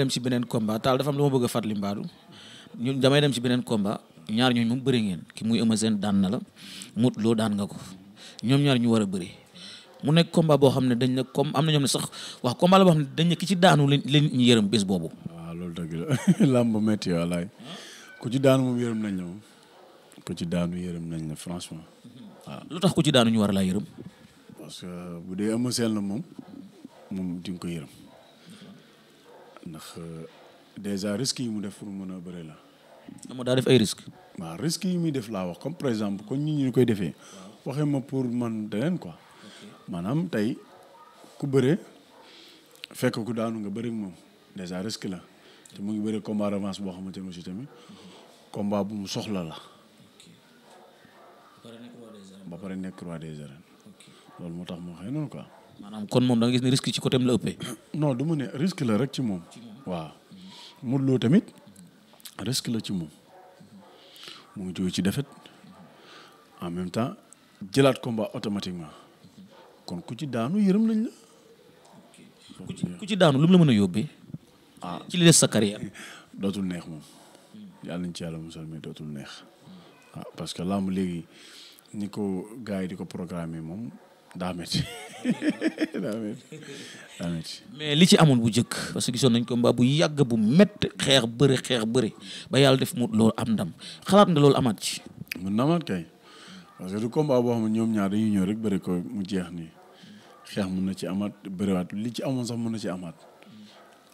dem si beneen combat taal dafa am lu ma bëgg a fàttali mbaadu ñun damay dem si beneen combat ñaar ñooñ moom bëri ngeen ki muy Eumeu Sène daan na la mut loo daan nga ko ñoom ñaar ñu war a bëri mu nekk combat boo xam ne dañ ne comme am na sax wax combat la boo ne dañ ne ki ci daanu leen leen yërëm bés boobu. waaw loolu dëgg la làmb métti walaay ku ci daanu moom nañ la moom ku ci daanu yërëm nañ la franchement waaw. lu tax ku ci daanu ñu war a laa yërëm. parce que bu dee Eumeu Sène la moom moom di nga ko yërëm. ndax euh, déjà risques yi mu def pour mën a bëre la. dama daa def ay risques. waaw risques yi muy def laa wax comme par exemple kon ñi ñu koy defee. waxee ma pour man deneen ko maanaam tey ku bëree fekk ku daanu nga bëri ak moom déjà risque la te mu ngi bëri combat revanche boo xamante ne si tamit mhm. combat bu mu soxla la. ba pare nekk roi des arènes. loolu moo tax moo xëy noonu quoi. maanaam kon moom da nga gis ne risque ci côté am la ëppee. non du ma ne risque la rek ci moom. waaw Modou loo tamit risque la ci moom mu ngi jóge ci defet en même temps jëlaat combat automatiquement kon ku ci daanu yërëm lañ la. ku ci daanu lu mu la mën a yóbbee. ah ci li des sa dootul neex moom hmm. yàlla nañ ci yàlla musal mais dootul neex ah parce que làmb léegi ni ko gars yi di ko programmer moom. daa métti daa mais li ci amoon bu njëkk parce que soon nañ ko ba bu yàgg bu mett xeex bëri xeex bëri ba yàlla def mu loolu am ndam xalaat nga loolu amaat ci. mun na amaat kay parce ñoom ñaar dañuy ñëw rek bëri mu jeex nii xeex mun na ci amaat bëriwaat li ci amoon sax mun na ci amaat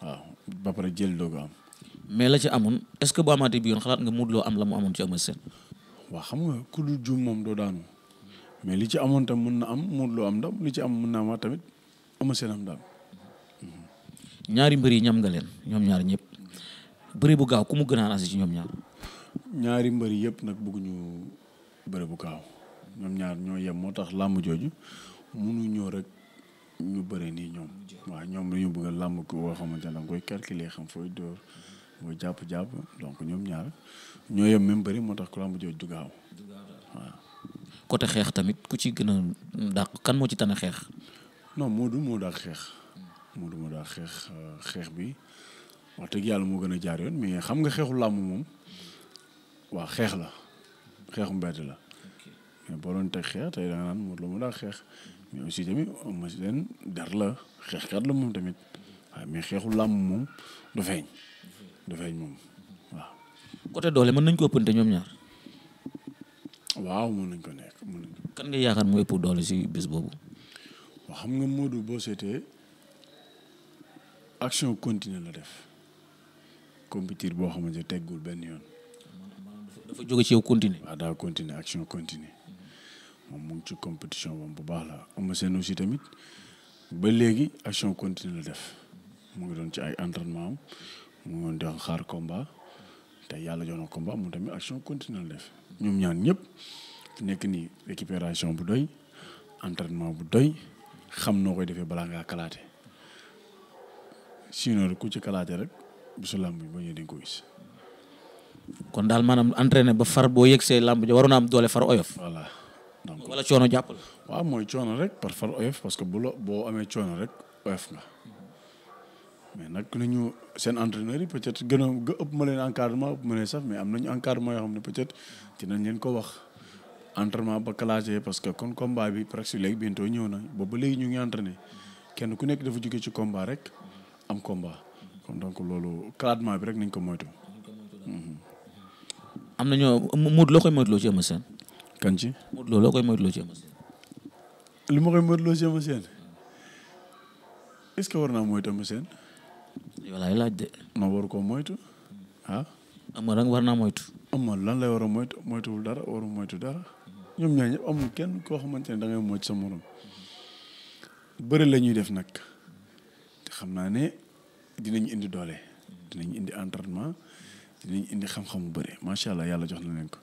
waaw ba pare jël doo am. mais la ci amoon est ce que bu amaatee bi yoon xalaat nga Modou Lo am la mu amoon ci Eumeu Sène. waa xam nga ku dul juum moom doo daanu. mais li ci amoon tam mën na am Modou Lo am ndam li ci am mun na amaat tamit Eumeu seen am ndam. ñaari mbër yi ñam nga leen ñoom ñaar ñëpp bu gaaw ku mu gën a ñaari mbër yëpp nag bëgguñu bëri bu ñoom ñaar ñoo yem moo tax làmb jooju mënuñoo rek ñu bëri nii ñoom waaw ñoom dañu bëgg a làmb koo xamante ne da nga koy calculer jàpp-jàpp donc ñoom ñaar ñoo yem moo tax lamb jooju du gaaw waaw. côté xeex tamit ku ci gën a dàq kan moo ci tane xeex. non Modou moo dàq xeex. Modou moo dàq xeex euh, xeex bi wax dëgg yàlla moo gën a jaar yoon mais xam nga xeexu làmb moom waa xeex la xeexu mbedd la. mais boo doon xeex tey da nga naan xeex mais tamit ma si leen dar la xeexkat la moom tamit waaye mais xeexu làmb moom du feeñ. du feeñ moom waaw. côté doole mën nañ ko ëppante ñoom ñaar. waaw mën nañ ko nekk mën nañ ko. kan nga yaakaar mooy ëpp doole si bés boobu. waaw xam nga Modou boo seetee action continue la def compétir boo xamante teggul benn yoon. dafa jóge ci yow continuer. waaw daa continuer action continue moom mu ci compétition boobu bu baax la am seen aussi tamit ba léegi action continue la def mu ngi doon ci ay entraînement mu ngi doon di xaar combat. te yàlla jox na combat moom tamit action continue na def ñoom ñaan ñëpp nekk nii récupération bu doy entraînement bu doy xam noo koy defee balaa ngaa kalaate sinon ku ci kalaate rek bu su làmb bi ba ñëwee di nga ko kon daal maanaam entraîné ba far boo yëg see làmb ji waroon am doole far oyof. voilà donc wala coono jàpp la. waaw mooy coono rek par far oyof parce que bu la boo amee coono rek oyof nga. mais nag lu seen entraîneur yi peut-être gën a ëpp ma leen encadrement ëpp ma leen sax mais am nañu encadrement yoo xam ne peut-être dinañ leen ko wax entraînement ba classé parce que kon combat bi presque léegi bientôt na boobu ba léegi ñu ngi entraîné kenn ku nekk dafa jóge ci combat rek am combat kon donc loolu classement bi rek nañ ko moytu. am na ñoo Modou loo koy moytuloo ci Eumeu Sène. kan ci Modou loo koy moytuloo ci Eumeu Sène. li ma koy moytuloo ci Eumeu Sène est-ce que war naa moytu Eumeu seen yow laay laaj de. ma waru ko moytu ah. am nga war naa moytu. am na lan lay war a moytu moytuwul dara waru moytu dara ñoom ñaar ñëpp amul kenn koo xamante ne da ngay moytu sa morom bëri la ñuy def nag xam naa ne dinañ indi doole dinañ indi entraînement dinañ indi xam-xam bu macha allah yàlla jox na leen ko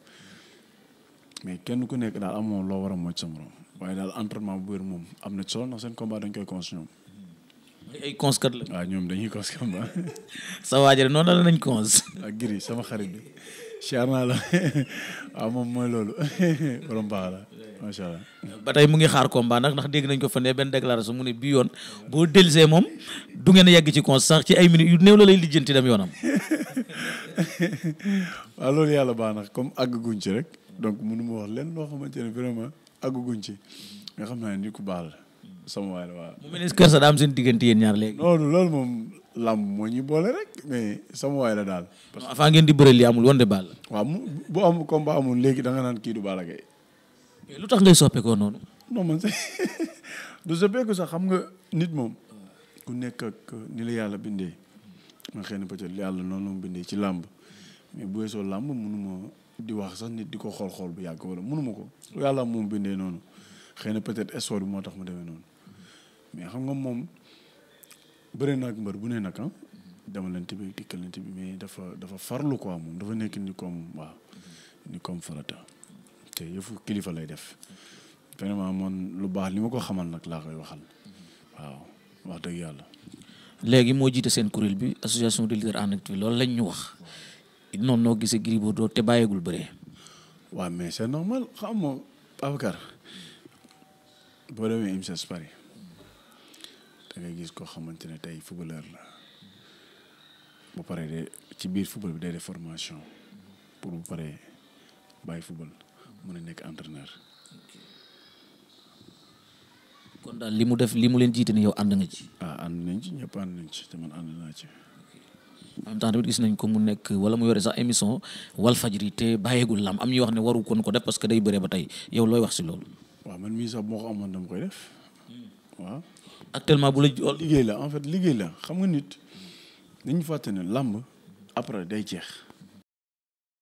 mais kenn ku nekk daal amoo loo war a moytu sa morom waaye daal entraînement bu bëri moom am na solo ndax seen combat dañ koy consigné. ay conskat la. waaw ah, ñoom dañuy cons kam ba. sa waajal noonu la nañ cons. ak ah, giri sama xarit bi. siyaar naa la ah, moom mooy loolu borom baax la macha allah. ba tey mu ngi xaar combat nag ndax dégg nañ ko fa ne benn déclaration mu ne bii yoon boo dellusee moom du ngeen yegg ci conse sax ci ay minutes yu néew la lay lijjanti dem yoonam. waaw loolu yàlla baax na comme àgguñ ci rek donc mënu ma wax leen loo xamante ne vraiment àgguñ ci nga xam naa ne nit ku baax la. sama waay la waaw. mu mel ni daam seen diggante yéen ñaar léegi. non loolu moom làmb moo ñu boole rek mais sama waay la daal. parce que avant ngeen di bëre li amul woon de Balla. waaw mu bu am combat amul léegi da naan kii du lu tax ngay soppeekoo noonu. non man sax du sax xam nga nit moom. ku nekk ak euh, la yàlla bindee. man xëy na peut-être yàlla noonu mu bindee ci làmb mais bu weesoo làmb mënuma di wax sax nit di ko xool xool bu yàgg wala mënuma ko yàlla moom bindee noonu xëy na peut-être espoir moo tax mu demee noonu. mais xam nga moom bëri na ak mbër bu nee nag ah. demalante bi dikkalante bi mais dafa dafa farlu ko moom dafa nekk ni comme waaw ni comme farata te yëfu kilifa lay def vraiment man lu baax li ma ko xamal nag laa koy waxal waaw wax dëgg yàlla. léegi moo jiite seen kuréel bi association des leaders en loolu lañ ñu wax noonu noo gisee Gris Bordeaux te bàyyeegul bëree. waaw mais c'est normal xam nga Babacar boo demee IMSES Paris dangay gis koo xamante ne tey footballeur la bu paree de ci biir football bi day def formation pour bu paree bàyyi football mën a nekk entraîneur. kon daal li mu def li mu leen jiite ni yow ànd nga ci. Ah, nañ ci ñëpp ànd nañ ci te man ànd naa ci. en même temps gis nañ ko mu nekk wala mu yore sax émission Walfadjri te bàyyeegul lam am ñuy wax ne waru kon ko def parce que day bëre ba tey yow looy wax si loolu. waaw man mii sax boo ko amoon dama koy def hmm. actuellement bu la jool liggéey la en fait liggéey la xam nga nit dañu fàtte ne làmb après day jeex